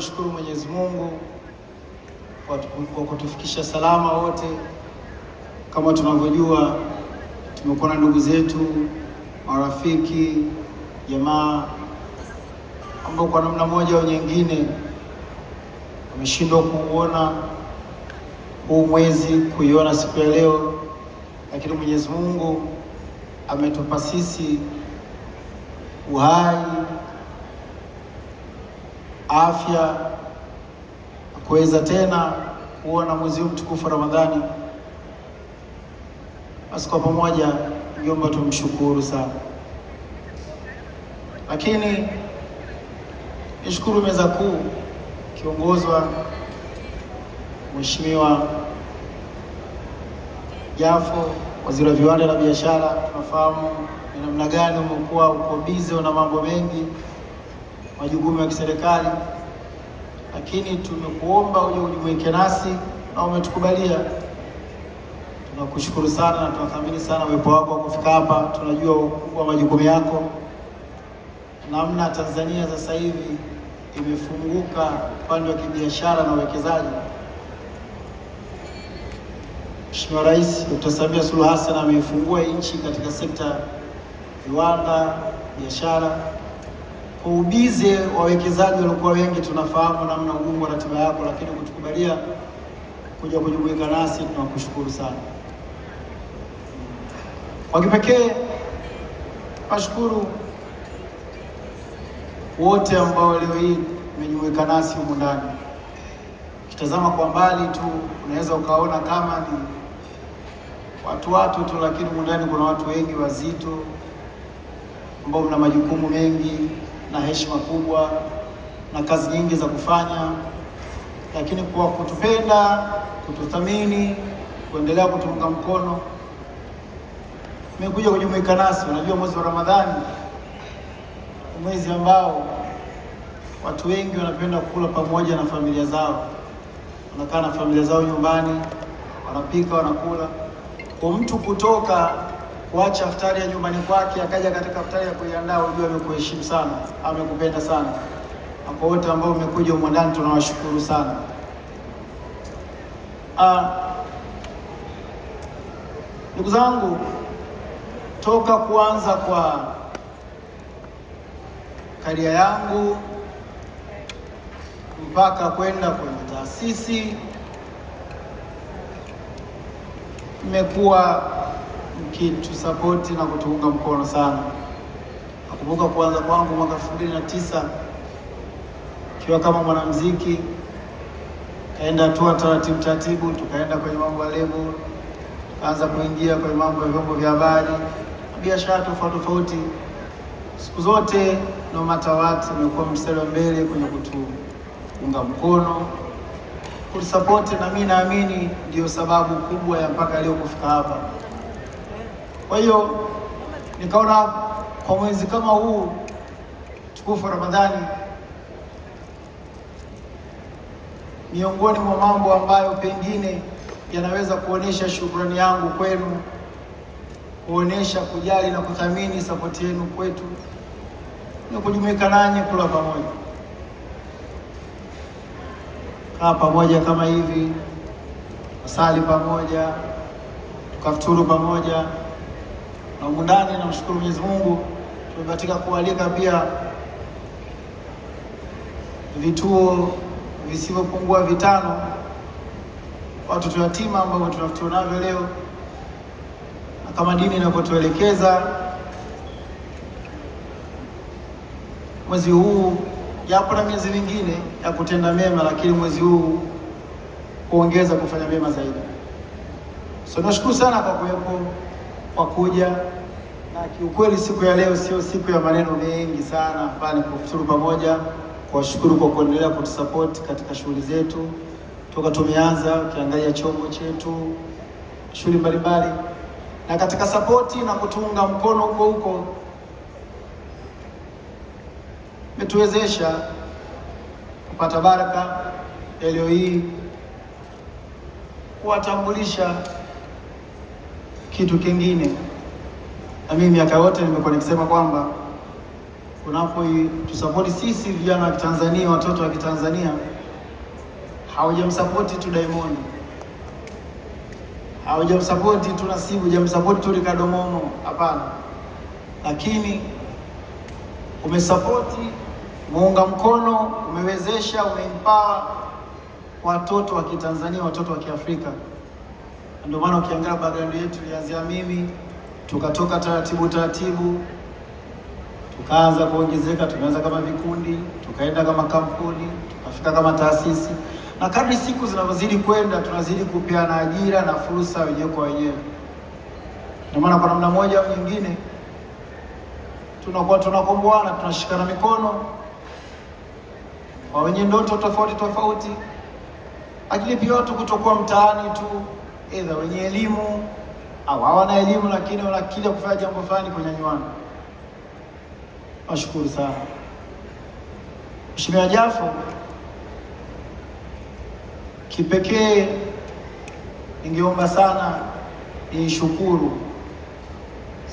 Shukuru Mwenyezi Mungu kwa kutufikisha salama wote. Kama tunavyojua, tumekuwa na ndugu zetu, marafiki, jamaa ambao kwa namna moja au nyingine wameshindwa kuuona huu mwezi, kuiona siku ya leo, lakini Mwenyezi Mungu ametupa sisi uhai afya na kuweza tena kuona mwezi huu mtukufu Ramadhani. Basi kwa pamoja mjomba, tumshukuru sana, lakini nishukuru meza kuu kiongozwa Mheshimiwa Jafo, waziri wa viwanda na biashara. Tunafahamu ni namna gani umekuwa uko bize na mambo mengi majukumu ya kiserikali, lakini tumekuomba uje ujumuike nasi na umetukubalia. Tunakushukuru sana na tunathamini sana uwepo wako kufika hapa. Tunajua ukubwa majukumu yako, namna Tanzania sasa hivi imefunguka upande wa kibiashara na uwekezaji. Mheshimiwa Rais Dr. Samia Suluhu Hassan ameifungua nchi katika sekta viwanda, biashara waubize wawekezaji waliokuwa wengi. Tunafahamu namna ugumu wa ratiba yako, lakini kutukubalia kuja kujumuika nasi, tunakushukuru sana. Kwa kipekee nashukuru wote ambao leo hii mmejumuika nasi humu ndani. Ukitazama kwa mbali tu unaweza ukaona kama ni watu watu tu, lakini humu ndani kuna watu wengi wazito ambao mna majukumu mengi na heshima kubwa na kazi nyingi za kufanya, lakini kwa kutupenda, kututhamini, kuendelea kutuunga mkono, mekuja kujumuika nasi. Unajua, mwezi wa Ramadhani mwezi ambao watu wengi wanapenda kula pamoja na familia zao, wanakaa na familia zao nyumbani, wanapika, wanakula. Kwa mtu kutoka kuacha iftari ya nyumbani kwake akaja katika iftari ya kuiandaa, ujue amekuheshimu sana, amekupenda sana. Kwa wote ambao umekuja humo ndani tunawashukuru sana. Ah, ndugu zangu, toka kuanza kwa karia yangu mpaka kwenda kwenye taasisi imekuwa mkitusapoti na kutuunga mkono sana. Nakumbuka kuanza kwangu mwaka elfu mbili na tisa ikiwa kama mwanamuziki, kaenda hatua taratibu taratibu, tukaenda kwenye mambo ya lebo, tukaanza kuingia kwenye mambo ya vyombo vya habari biashara tofauti tofauti. Siku zote no matter what, imekuwa mstari wa mbele kwenye kutuunga mkono kutusapoti, na mimi naamini ndiyo sababu kubwa ya mpaka leo kufika hapa. Kwa hiyo nikaona kwa mwezi kama huu tukufu Ramadhani, miongoni mwa mambo ambayo pengine yanaweza kuonesha shukrani yangu kwenu, kuonesha kujali na kuthamini sapoti yenu kwetu, ni kujumuika nanyi kula pamoja, kaa pamoja kama hivi, asali pamoja, tukafuturu pamoja na humu Namshukuru Mwenyezi Mungu, katika kualika pia vituo visivyopungua vitano watoto yatima ambao tunafutiwa navyo leo, na kama dini inavyotuelekeza mwezi huu, japo na miezi mingine ya kutenda mema, lakini mwezi huu kuongeza kufanya mema zaidi. So nashukuru sana kwa kuwepo kwa kuja na kiukweli, siku ya leo sio siku ya maneno mengi sana, bali kufuturu pamoja, kuwashukuru kwa kuendelea kutusapoti katika shughuli zetu toka tumeanza. Ukiangalia chombo chetu, shughuli mbalimbali, na katika sapoti na kutunga mkono huko huko, umetuwezesha kupata baraka leo hii kuwatambulisha kitu kingine, na mimi miaka yote nimekuwa nikisema kwamba tusapoti sisi vijana wa Kitanzania, watoto wa Kitanzania, haujamsapoti tu Diamond, haujamsapoti tu Nasibu, hujamsapoti tu Ricardo Momo, hapana, lakini umesapoti muunga mkono, umewezesha, umeimpaa watoto wa Kitanzania, watoto wa Kiafrika. Ndio maana ukiangalia background yetu ilianzia mimi, tukatoka taratibu taratibu, tukaanza kuongezeka, tumeanza kama vikundi, tukaenda kama kampuni, tukafika kama taasisi, na kadri siku zinavyozidi kwenda, tunazidi kupeana ajira na fursa wenyewe kwa wenyewe. Ndio maana kwa namna moja au nyingine tunakuwa tunakomboana, tunashikana mikono kwa wenye ndoto tofauti tofauti, lakini pia watu kutokuwa mtaani tu aidha wenye elimu au hawana elimu, lakini wana ya kufanya jambo fulani kunyanyuana. Nashukuru sana Mheshimiwa Jafo, kipekee ningeomba sana niishukuru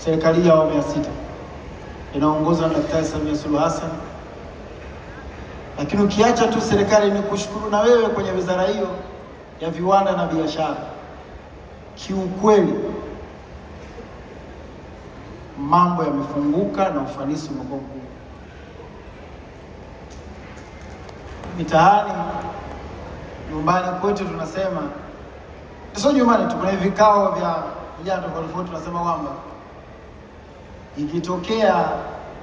serikali ya awamu ya sita inaongozwa na Daktari Samia Suluhu Hassan, lakini ukiacha tu serikali ni kushukuru na wewe kwenye wizara hiyo ya viwanda na biashara kiukweli mambo yamefunguka na ufanisi umekuwa mkubwa mitaani. Nyumbani kwetu tunasema sio nyumbani tu, kuna vikao vya vijana tofauti tofauti, tunasema kwamba ikitokea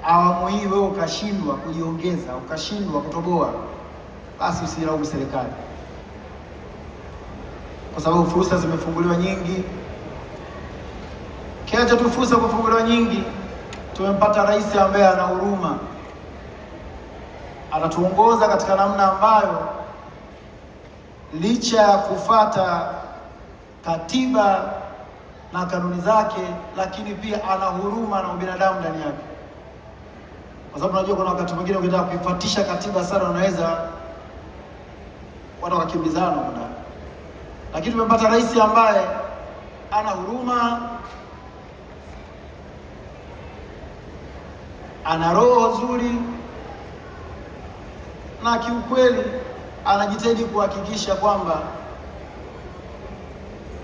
awamu hii wewe ukashindwa kujiongeza, ukashindwa kutoboa, basi usilaumu serikali kwa sababu fursa zimefunguliwa nyingi. Kiacha tu fursa kufunguliwa nyingi, tumempata rais ambaye ana huruma, anatuongoza katika namna ambayo licha ya kufata katiba na kanuni zake, lakini pia ana huruma na ubinadamu ndani yake, kwa sababu unajua kuna wakati mwingine ukitaka kuifuatisha katiba sana, unaweza watu wakakimbizana lakini tumepata rais ambaye ana huruma, ana roho nzuri na kiukweli anajitahidi kuhakikisha kwamba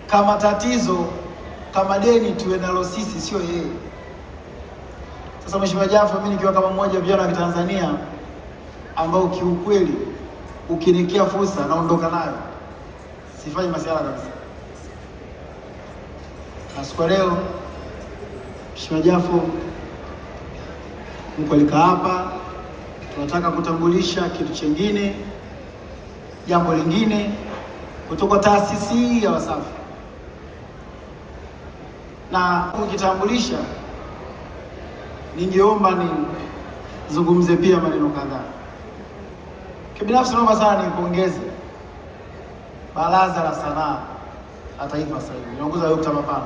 kama tatizo kama deni tuwe nalo sisi, sio yeye. Sasa Mheshimiwa Jafo, mimi nikiwa kama mmoja wa vijana wa Kitanzania ambao kiukweli ukinikia fursa naondoka nayo sifanyi masiala kabisa. Na siku leo Mheshimiwa Jafo mkualika hapa, tunataka kutambulisha kitu chengine jambo lingine kutoka taasisi hii ya Wasafi, na ukitambulisha, ningeomba nizungumze pia maneno kadhaa. Kibinafsi naomba sana nipongeze Baraza la Sanaa la Taifa sasa hivi inaongoza na Mapana.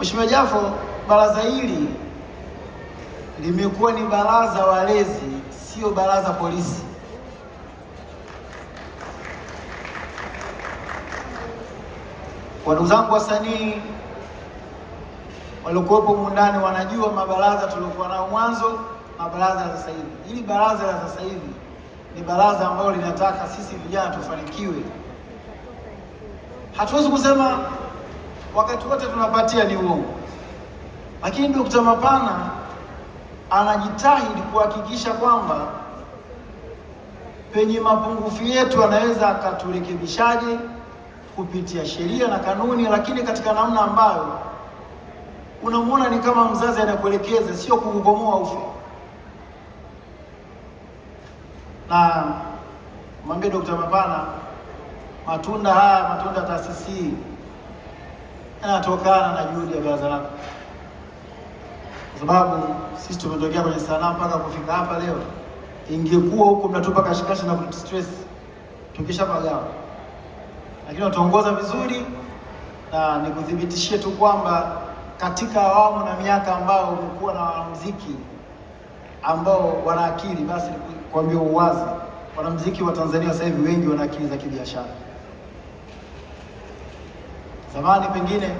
Mheshimiwa Jafo, baraza hili limekuwa ni baraza walezi, sio baraza polisi. Kwa ndugu zangu wasanii waliokuwepo mundani wanajua mabaraza tuliokuwa nao mwanzo na ya la sasa hivi. Hili baraza la sasa hivi ni baraza ambalo linataka sisi vijana tufanikiwe. Hatuwezi kusema wakati wote tunapatia ni uongo, lakini Dkt. Mapana anajitahidi kuhakikisha kwamba penye mapungufu yetu anaweza akaturekebishaje kupitia sheria na kanuni, lakini katika namna ambayo unamwona ni kama mzazi anakuelekeza, sio kukubomoa ufe. na mwambie Dr. Mapana matunda haya, matunda taasisi hii yanatokana na juhudi ya baraza lako, kwa sababu sisi tumetokea kwenye sanaa mpaka kufika hapa leo. Ingekuwa huko mnatupa kashikashi na stress, tukisha pagawa, lakini wataongoza vizuri, na nikuthibitishie tu kwamba katika awamu na miaka ambao umekuwa na wanamuziki ambao wana akili basi kuambia uwazi, wanamuziki wa Tanzania sasa hivi wengi wana akili za kibiashara. Zamani pengine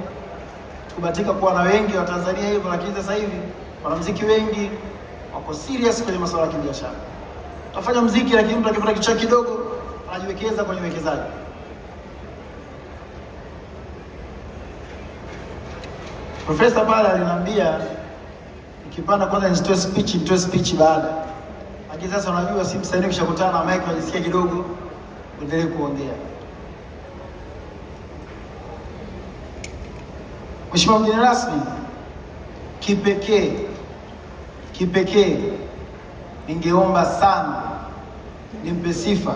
tukubatika kuwa na wengi wa Tanzania hivyo, lakini sasa hivi wanamuziki wengi wako serious kwenye masuala ya kibiashara. tafanya muziki, lakini mtu akipata kichwa kidogo anajiwekeza kwenye uwekezaji. Profesa pale aliniambia, ukipanda kwanza nitoe speech, nitoe speech baada lakini sasa unajua si msanii hivi na mike unajisikia kidogo uendelee kuongea. Mheshimiwa mgeni rasmi, kipekee kipekee ningeomba sana nimpe sifa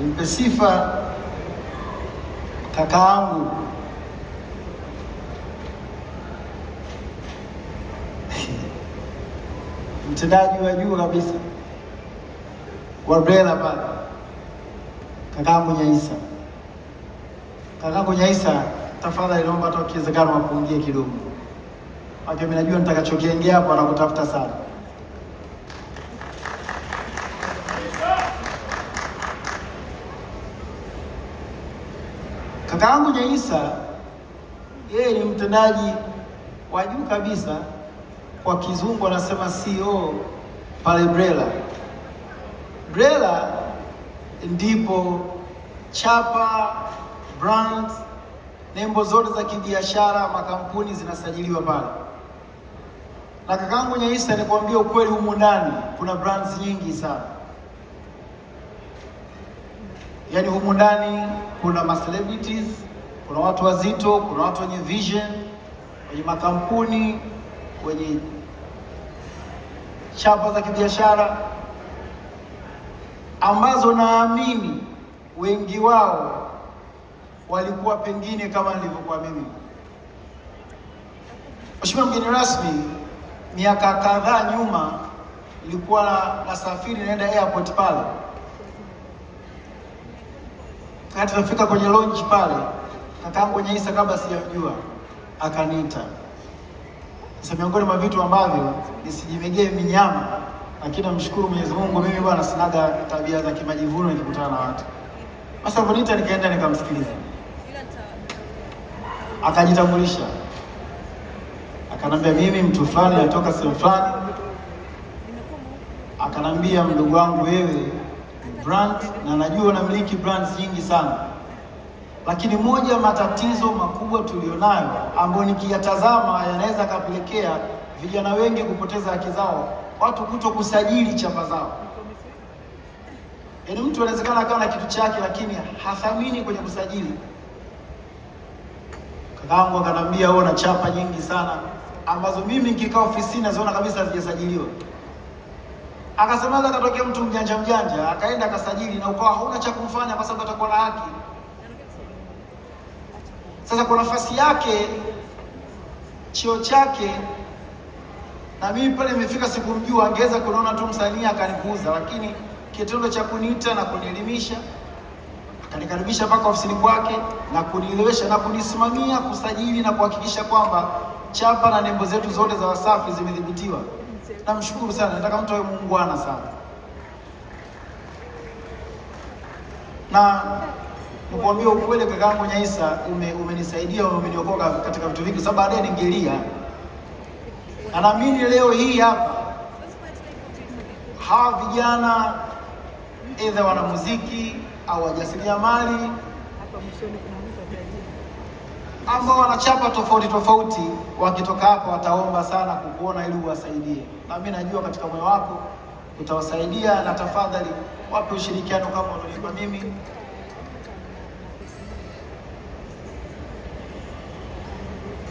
nimpe sifa kakaangu mtendaji wa juu kabisa wa BRELA pale, kakangu Nyaisa. Kakangu Nyaisa, tafadhali naomba hata ukiwezekana wapungie kidogo, ake mimi najua nitakachokiongea hapo, anakutafuta sana. Kakangu Nyaisa yeye ni mtendaji wa juu kabisa kwa kizungu anasema CO e pale BRELA. BRELA ndipo chapa, brand, nembo zote za kibiashara, makampuni zinasajiliwa pale. Na kakaangu Nyaisa, nikuambia ukweli, humu ndani kuna brands nyingi sana, yaani humu ndani kuna macelebrities, kuna watu wazito, kuna watu wenye vision, wenye makampuni kwenye chapa za kibiashara ambazo naamini wengi wao walikuwa pengine kama nilivyokuwa mimi. Mheshimiwa mgeni rasmi, miaka kadhaa nyuma nilikuwa nasafiri naenda airport pale, kati nafika kwenye lounge pale, kakaangu kwenye isa, kabla sijajua, akaniita sasa miongoni mwa vitu ambavyo nisijimegee minyama, lakini namshukuru Mwenyezi Mungu, mimi bwana sinaga tabia za kimajivuno nikikutana na watu. Sasa Bonita nikaenda nikamsikiliza, akajitambulisha akanambia, mimi mtu fulani natoka sehemu fulani. Akanambia, mdogo wangu wewe brand, na najua unamiliki brands nyingi sana lakini moja ya matatizo makubwa tulionayo ambayo nikiyatazama yanaweza kapelekea vijana wengi kupoteza haki zao, watu kuto kusajili chama zao. Yaani mtu anawezekana akawa na kitu chake, lakini hathamini kwenye kusajili. Kakangu akanambia wewe una chapa nyingi sana ambazo mimi nikikaa ofisini naziona kabisa hazijasajiliwa. Akasemaza katokea mtu mjanja mjanja akaenda akasajili, na ukawa hauna cha kumfanya kwa sababu atakuwa na haki sasa kwa nafasi yake, cheo chake, na mimi pale imefika sikumjua, angeweza kuniona tu msanii akanipuuza, lakini kitendo cha kuniita na kunielimisha, akanikaribisha mpaka ofisini kwake na kunielewesha na kunisimamia kusajili na kuhakikisha kwamba chapa na nembo zetu zote za Wasafi zimedhibitiwa. Namshukuru sana, nataka mtu awe muungwana sana na Nikwambia ukweli yangu Nyaisa, umenisaidia ume umeniokoa katika vitu vingi, sababu baadaye ningelia. Na naamini leo hii hapa hawa vijana edha wanamuziki au wajasiriamali ambao wanachapa tofauti tofauti, wakitoka hapa wataomba sana kukuona ili uwasaidie, na mimi najua katika moyo wako utawasaidia, na tafadhali wape ushirikiano kama unaonipa mimi.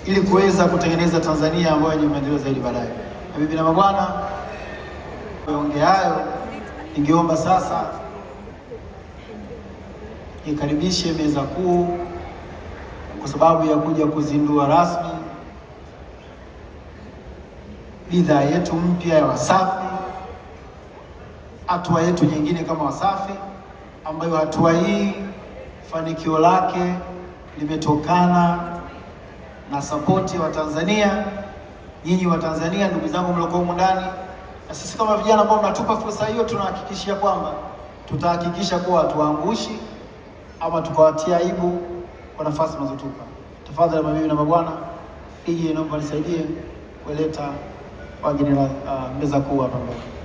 ili kuweza kutengeneza Tanzania ambayo yenye maendeleo zaidi baadaye. Na bibi na mabwana, ongea hayo, ningeomba sasa ikaribishe meza kuu kwa sababu ya kuja kuzindua rasmi bidhaa yetu mpya ya Wasafi, hatua yetu nyingine kama Wasafi, ambayo hatua hii fanikio lake limetokana na sapoti wa Tanzania, nyinyi wa Tanzania, ndugu zangu mlioko humu ndani, na sisi kama vijana ambao mnatupa fursa hiyo, tunahakikishia kwamba tutahakikisha kuwa hatuwaangushi ama tukawatia aibu kwa nafasi mnazotupa. Tafadhali mabibi na mabwana, ije naomba nisaidie kuleta wageni la uh, meza kuu hapa mbele.